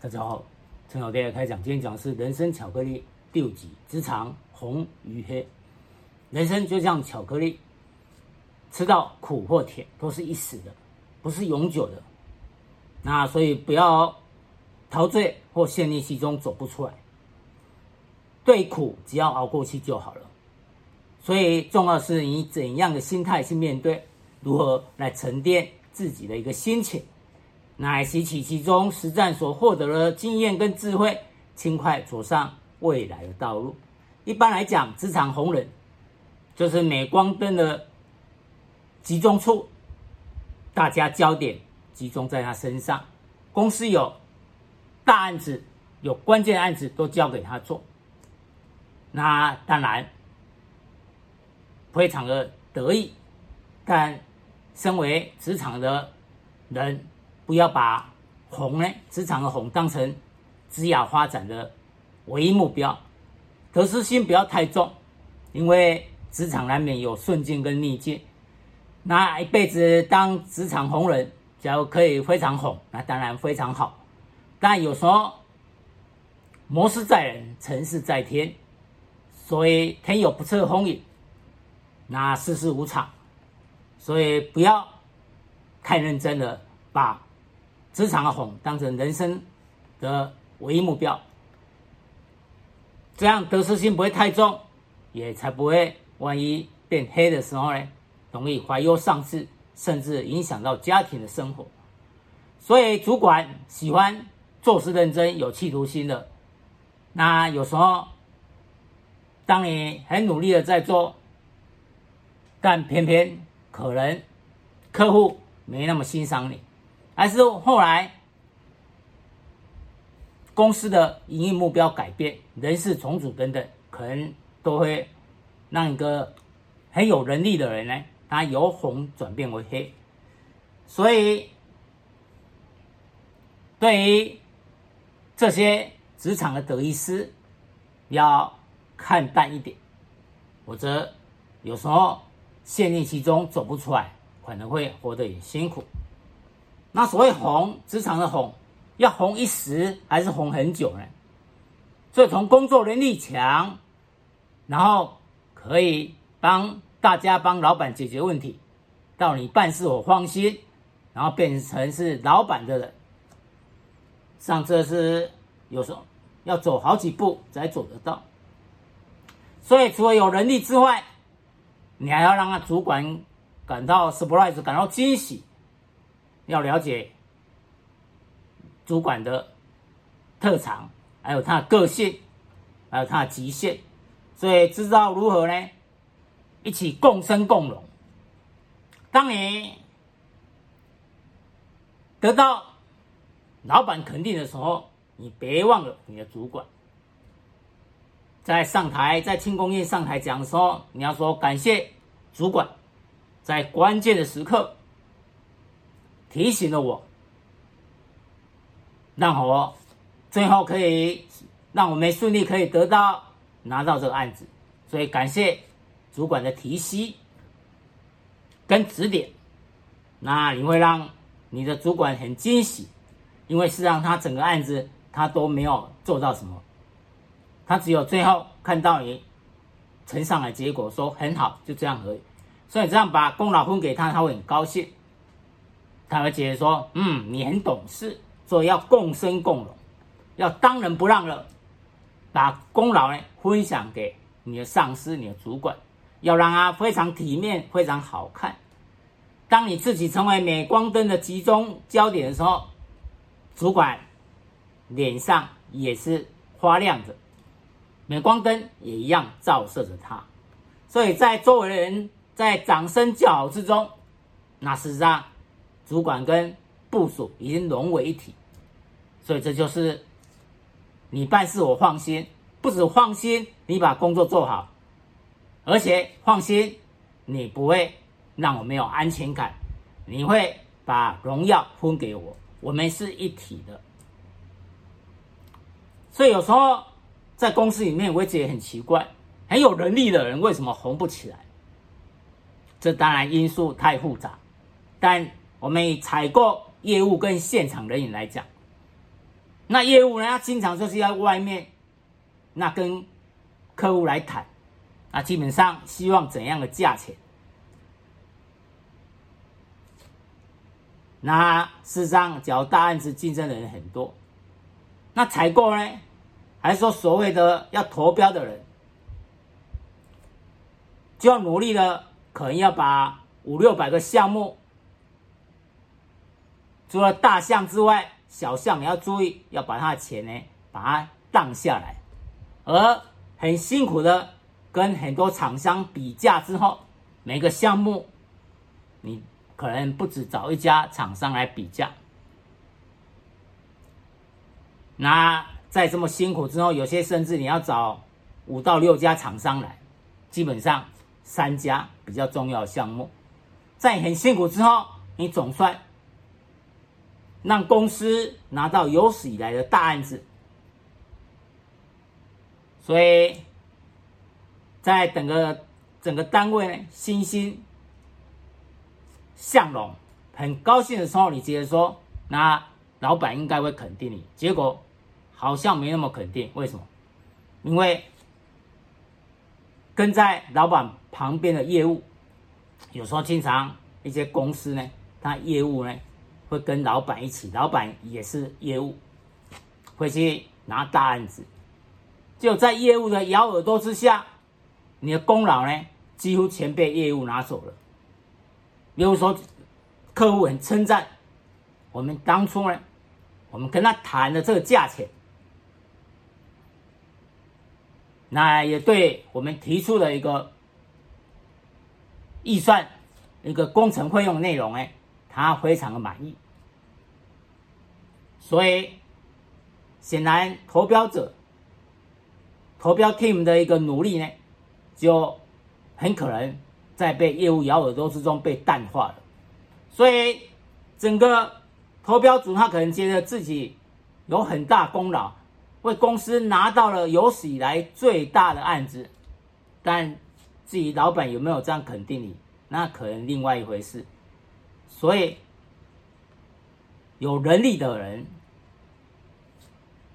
大家好，陳老弟來開講。今天講的是人生巧克力第五集，職場紅與黑。人生就像巧克力，吃到苦或甜都是一時的，不是永久的。那所以不要陶醉或陷溺其中走不出來。對苦，只要熬過去就好了。所以重要是你怎樣的心態去面對，如何來沉澱自己的一個心情。乃吸取其中實戰所獲得的經驗跟智慧，輕快走上未來的道路。一般來講，職場紅人就是鎂光燈的集中處，大家焦點集中在他身上，公司有大案子，有關鍵案子都交給他做。那當然非常的得意，但身為職場的人。不要把紅呢，職場的紅當成職業發展的唯一目標，得失心不要太重，因為職場難免有順境跟逆境。那一輩子當職場紅人，假如可以非常紅，那當然非常好。但有時候謀事在人，成事在天，所以天有不測風雲，那世事無常，所以不要太認真的把。職場的紅當成人生的唯一目標，這樣得失心不會太重，也才不會萬一變黑的時候呢，容易懷憂喪志，甚至影響到家庭的生活。所以主管喜歡做事認真、有企圖心的。那有時候，當你很努力的在做，但偏偏可能客戶沒那麼欣賞你。還是後來公司的營運目標改變，人事重組等等，可能都會讓一個很有能力的人呢，他由紅轉變為黑。所以，對於這些職場的得意失，要看淡一點，否則有時候陷進其中走不出來，可能會活得也辛苦。那所謂紅，職場的紅，要紅一時還是紅很久呢？所以從工作能力強，然後可以幫大家幫老板解決問題，到你辦事我放心，然後變成是老板的人，上車是有時候要走好幾步才走得到。所以除了有能力之外，你還要讓他主管感到 surprise，感到驚喜。要了解主管的特長，還有他的個性，還有他的極限，所以知道如何呢？一起共生共榮。當你得到老板肯定的時候，你別忘了你的主管。在上台，在慶功宴上台講的時候，你要說感謝主管，在關鍵的時刻。提醒了我，讓我最後可以讓我們順利可以得到拿到這個案子，所以感謝主管的提攜跟指點。那你會讓你的主管很驚喜，因為是讓他整個案子他都沒有做到什麼，他只有最後看到你呈上來結果說很好，就這樣而已。所以這樣把功勞分給他，他會很高興。他們覺得說：“嗯，你很懂事，所以要共生共榮，要當仁不讓了，把功勞呢分享給你的上司、你的主管，要讓他非常體面、非常好看。當你自己成為鎂光燈的集中焦點的時候，主管臉上也是花亮的，鎂光燈也一樣照射着他。所以在周圍的人在掌聲叫好之中，那事實上。”主管跟部屬已經融為一體，所以這就是你辦事我放心，不只放心你把工作做好，而且放心你不會讓我沒有安全感，你會把榮耀分給我，我們是一體的。所以有時候在公司裡面，我一直也很奇怪，很有能力的人為什麼紅不起來？這當然因素太複雜，但。我們以採購業務跟現場人員來講，那業務呢，他經常就是要外面那跟客戶來談，那基本上希望怎樣的價錢？那事實上，假如大案子競爭的人很多。那採購呢，還是說所謂的要投標的人，就要努力了，可能要把五六百個項目。除了大項之外，小項你要注意，要把它的錢呢，把它降下來。而很辛苦的跟很多廠商比價之後，每個項目你可能不止找一家廠商來比價。那在這麼辛苦之後，有些甚至你要找五到六家廠商來，基本上三家比較重要的項目，在很辛苦之後，你總算。讓公司拿到有史以來的大案子，所以，在整個整個單位呢欣欣向榮、很高興的時候，你直接說，那老闆應該會肯定你。結果好像沒那麼肯定，為什麼？因為跟在老板旁邊的業務，有時候經常一些公司呢，他業務呢。會跟老闆一起，老闆也是業務，會去拿大案子，就在業務的咬耳朵之下，你的功勞呢幾乎全被業務拿走了。比如說客戶很稱讚，我們當初呢，我們跟他談的這個價錢，那也對我們提出了一個預算，一個工程費用內容呢，呢他非常的滿意，所以顯然投標者、投標 team 的一個努力呢，就很可能在被業務咬耳朵之中被淡化了。所以整個投標組他可能覺得自己有很大功勞，為公司拿到了有史以來最大的案子，但至於老闆有沒有這樣肯定你，那可能另外一回事。所以，有能力的人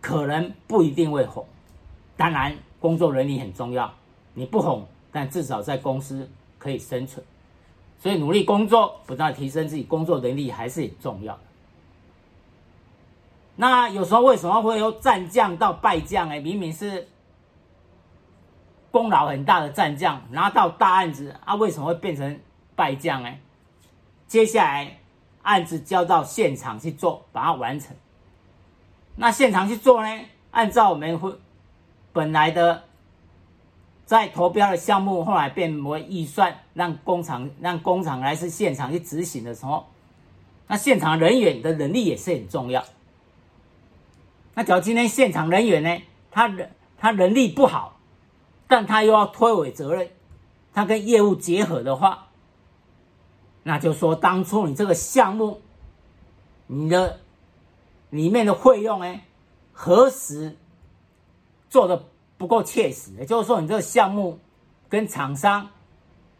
可能不一定會哄。當然，工作能力很重要，你不哄，但至少在公司可以生存。所以，努力工作，不斷提升自己工作能力，還是很重要的。那有時候為什麼會由戰將到敗將呢？明明是功勞很大的戰將，拿到大案子，啊，為什麼會變成敗將呢？接下來案子交到現場去做，把它完成。那現場去做呢？按照我們本來的在投標的項目，後來變為預算，讓工廠讓工廠來是現場去執行的時候，那現場人員的能力也是很重要。那假如今天現場人員呢，他人他能力不好，但他又要推諉責任，他跟業務結合的話。那就說，當初你這個項目，你的裡面的費用呢，核實，做的不夠切實，也就是說，你這個項目跟廠商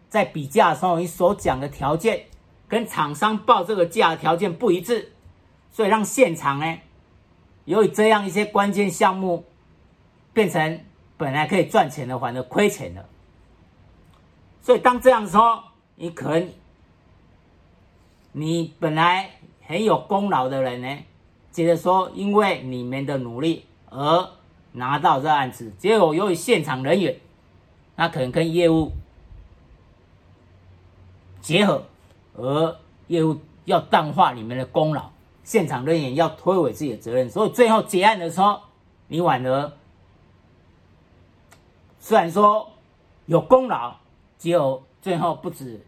在比價的時候，你所講的條件跟廠商報這個價的條件不一致，所以讓現場呢，由於這樣一些關鍵項目，變成本來可以賺錢的，反而虧錢了。所以當這樣的時候，你可能。你本來很有功勞的人呢，接着說因為你們的努力而拿到這案子，結果由於現場人員，那可能跟業務結合，而業務要淡化你們的功勞，現場人員要推諉自己的責任，所以最後結案的時候，你反而雖然說有功勞，結果最後不止。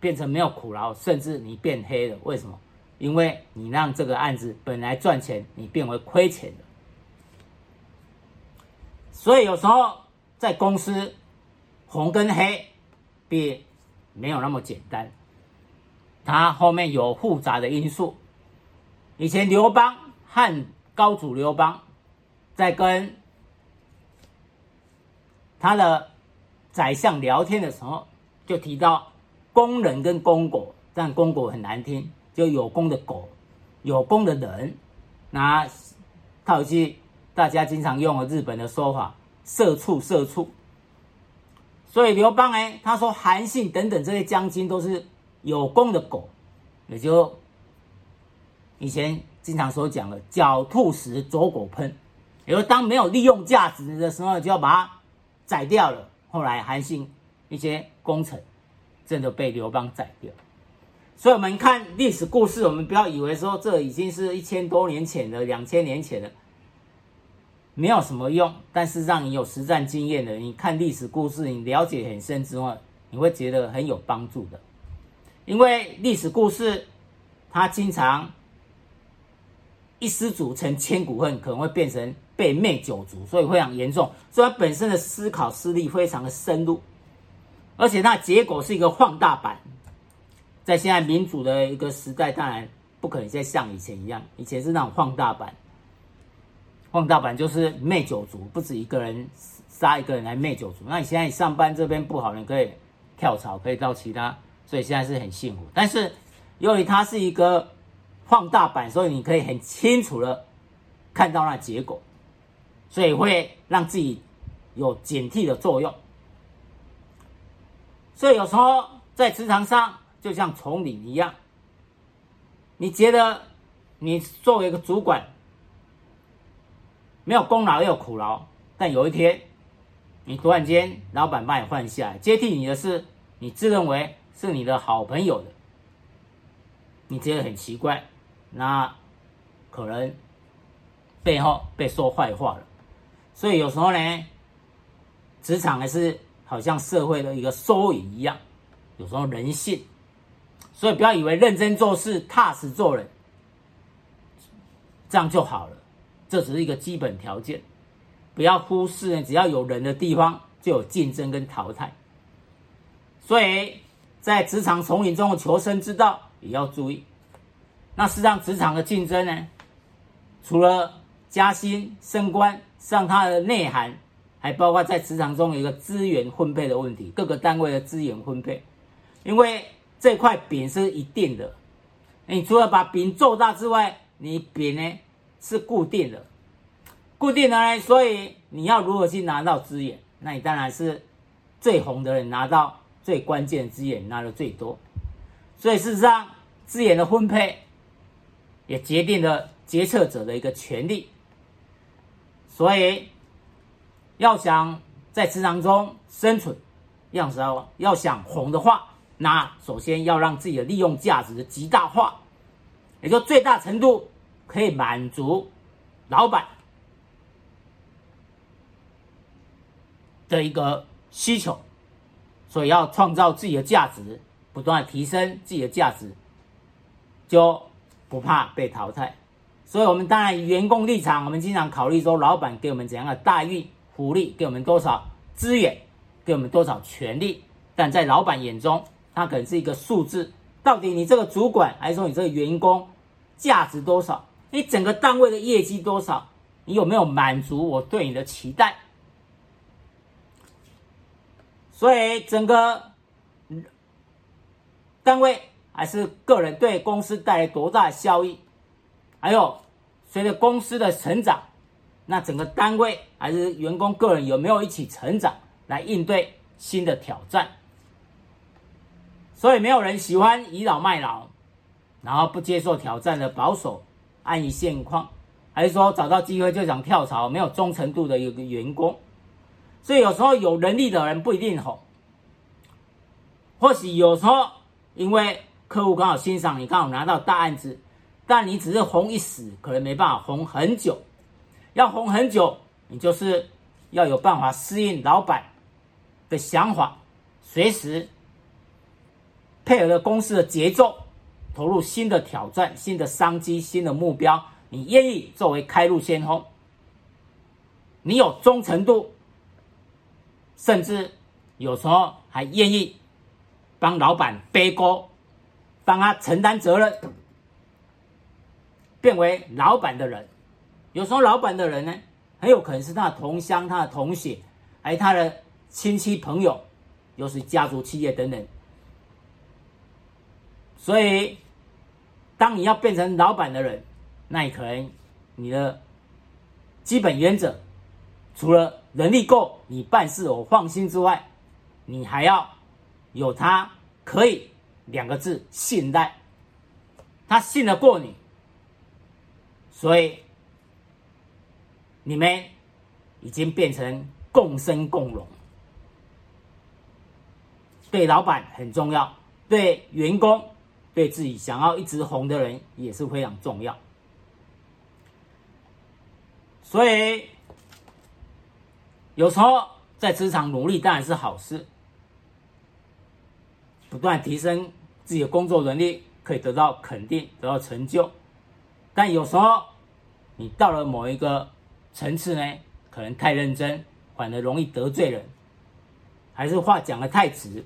變成沒有苦勞，甚至你變黑了，為什麼？因為你讓這個案子本來賺錢，你變為虧錢的。所以有時候在公司紅跟黑並沒有那麼簡單，他後面有複雜的因素。以前劉邦漢高祖劉邦在跟他的宰相聊天的時候，就提到。功人跟功狗，但功狗很難聽，就有功的狗、有功的人。那套一句，大家經常用的日本的說法，社畜社畜。所以劉邦哎，他說韓信等等這些將軍都是有功的狗，也就以前經常所講的，狡兔死，走狗烹，也就是當沒有利用價值的時候，就要把它宰掉了。後來韓信一些功臣。真的被劉邦宰掉，所以我們看歷史故事，我們不要以為說這已經是一千多年前了，兩千年前了，沒有什麼用。但是讓你有實戰經驗的，你看歷史故事，你了解很深之後，你會覺得很有幫助的。因為歷史故事，它經常一失足成千古恨，可能會變成被滅九族，所以非常嚴重。所以本身的思考思慮非常的深入。而且那結果是一個放大版，在現在民主的一個時代，當然不可能再像以前一樣。以前是那種放大版，放大版就是滅九族，不止一個人殺一個人來滅九族。那你現在上班這邊不好，你可以跳槽，可以到其他，所以現在是很幸福。但是由於它是一個放大版，所以你可以很清楚的看到那結果，所以會讓自己有警惕的作用。所以有時候在職場上，就像叢林一樣，你覺得你作為一個主管，沒有功勞也有苦勞，但有一天，你突然間老板把你換下來，接替你的是你自認為是你的好朋友的，你覺得很奇怪，那可能背後被說壞話了。所以有時候呢，職場還是。好像社會的一個縮影一樣，有時候人性，所以不要以為認真做事、踏實做人，這樣就好了。這只是一個基本條件，不要忽視呢。只要有人的地方，就有競爭跟淘汰。所以在職場叢林中的求生之道也要注意。那事實際上，職場的競爭呢，除了加薪、升官，讓他它的內涵。還包括在職場中有一個資源分配的問題，各個單位的資源分配，因為這塊餅是一定的，你除了把餅做大之外，你餅呢是固定的，固定的呢，所以你要如何去拿到資源，那你當然是最紅的人拿到最關鍵的資源拿的最多，所以事實上資源的分配也決定了決策者的一個權力。所以。要想在職場中生存，要想要想紅的話，那首先要讓自己的利用價值極大化，也就最大程度可以滿足老板的一個需求。所以要創造自己的價值，不斷提升自己的價值，就不怕被淘汰。所以，我們當然員工立場，我們經常考慮說，老板給我們怎樣的待遇？福利給我們多少資源，給我們多少權利？但在老板眼中，他可能是一個數字。到底你這個主管還是說你這個員工，價值多少？你整個單位的業績多少？你有沒有滿足我對你的期待？所以，整個單位還是個人對公司帶來多大的效益？還有，隨着公司的成長。那整個單位還是員工個人有沒有一起成長來應對新的挑戰？所以沒有人喜歡倚老賣老，然後不接受挑戰的保守安於現況，還是說找到機會就想跳槽，沒有忠誠度的一個員工？所以有時候有能力的人不一定紅，或許有時候因為客戶剛好欣賞你，剛好拿到大案子，但你只是紅一時，可能沒辦法紅很久。要紅很久，你就是要有辦法適應老板的想法，隨時配合著公司的節奏，投入新的挑戰、新的商機、新的目標。你願意作為開路先鋒，你有忠誠度，甚至有時候還願意幫老板背鍋，幫他承擔責任，變為老板的人。有時候，老闆的人呢，很有可能是他的同鄉、他的同學，還有他的親戚朋友，又是家族企業等等。所以，當你要變成老闆的人，那你可能你的基本原則，除了能力夠、你辦事我放心之外，你還要有他可以兩個字：信賴。他信得過你，所以。你們已經變成共生共榮，對老闆很重要，對員工，對自己想要一直紅的人也是非常重要。所以，有時候在職場努力當然是好事，不斷提升自己的工作能力，可以得到肯定，得到成就。但有時候，你到了某一個，層次呢，可能太認真，反而容易得罪人，還是話講得太直，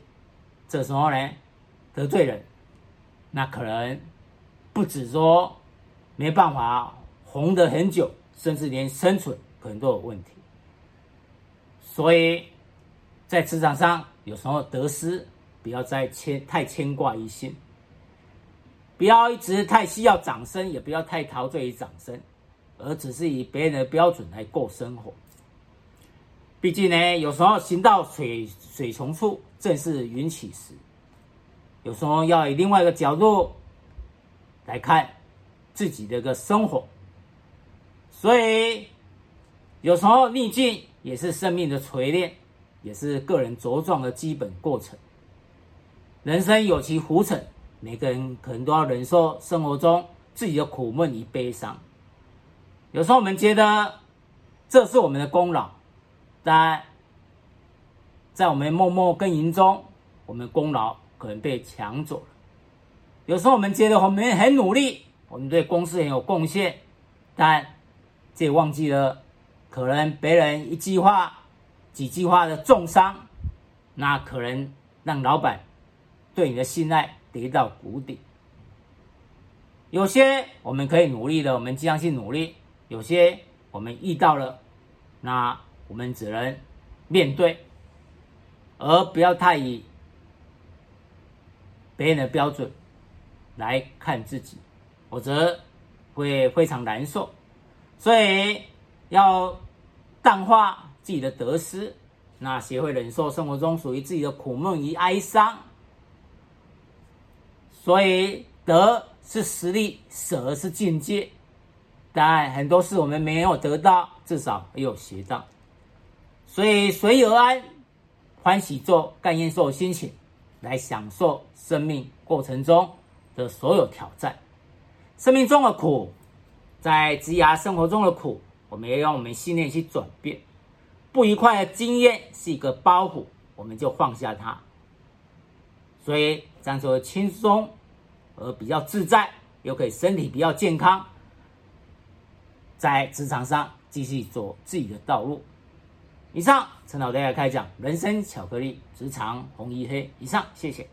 這時候呢得罪人，那可能不止說沒辦法紅得很久，甚至連生存可能都有問題。所以在職場上，有時候得失不要再牽太牽掛於心，不要一直太需要掌聲，也不要太陶醉於掌聲。而只是以別人的標準來過生活，畢竟呢，有時候行到水水窮處，正是雲起時；有時候要以另外一個角度來看自己的一個生活，所以有時候逆境也是生命的錘煉，也是個人茁壯的基本過程。人生有其浮沉，每個人可能都要忍受生活中自己的苦悶與悲傷。有時候我們覺得這是我們的功勞，但，在我們默默耕耘中，我們的功勞可能被搶走了。有時候我們覺得我們很努力，我們對公司很有貢獻，但，這也忘記了，可能別人一句話、幾句話的重傷，那可能讓老闆對你的信賴跌到谷底。有些我們可以努力的，我們儘量去努力。有些我們遇到了，那我們只能面對，而不要太以別人的標準來看自己，否則會非常難受。所以要淡化自己的得失，那學會忍受生活中屬於自己的苦悶與哀傷。所以，得是實力，舍是境界。但很多事我們沒有得到，至少也有學到，所以隨遇而安，歡喜做，甘願受心情，來享受生命過程中的所有挑戰。生命中的苦，在職涯生活中的苦，我們要用我們信念去轉變。不愉快的經驗是一個包袱，我們就放下它。所以這樣做輕鬆，而比較自在，又可以身體比較健康。在職場上繼續走自己的道路。以上，陳老帶大家開講，人生巧克力，職場紅與黑。以上，謝謝。